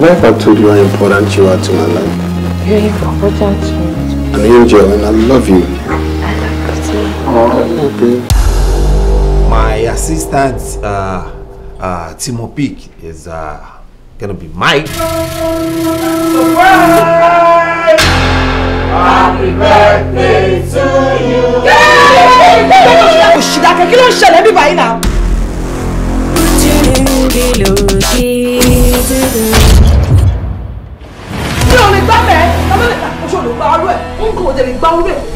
never told you how important you are to my life. You're important to me. An angel, and I love you. I love you too. My assistant, uh, uh, Timo Peak, is uh, gonna be Mike. Surprise! Happy birthday to you. Yay! Kí ló ń ṣẹlẹ̀ bí báyìí now. gba arú ẹ̀ ń kò tẹ̀lé gba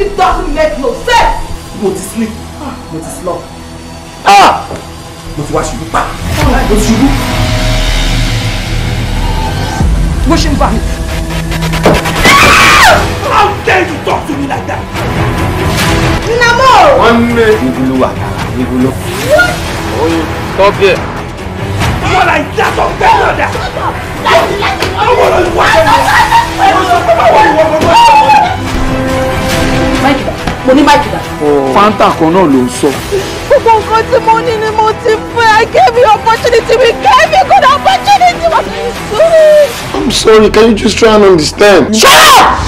it doesn't make no sense. mo ti sleep ah, mo ti slop ah! mo ti wá ṣubú pa mo ti ṣubú. bó ṣe ń bá mi. Ah! how dare you talk to me like that. Dinamo. wọ́n ń lé ìgbìlú wa ìgbìlú. oyin stop it. What I just on that? What? I want to watch. I want to watch oníbàjì fanta kan náà ló ń sọ. gbogbo nǹkan tí mo ní ni mo ti fẹ́ I gave you opportunity we gave you good opportunity I'm sorry. I'm sorry can you just try and understand. shut up.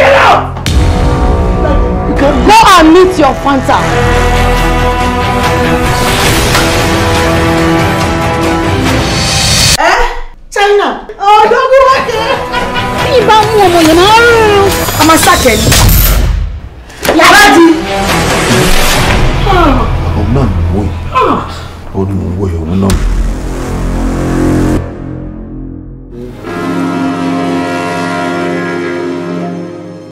get out. you can go and meet your fanta. Eh? China. Oh, don't go bá mú ọmọ yẹn máa ń rún ọmọ sákẹ́ ni. yàrá di. Ah. òun náà mò ń wòye òun náà mò ń wòye òun náà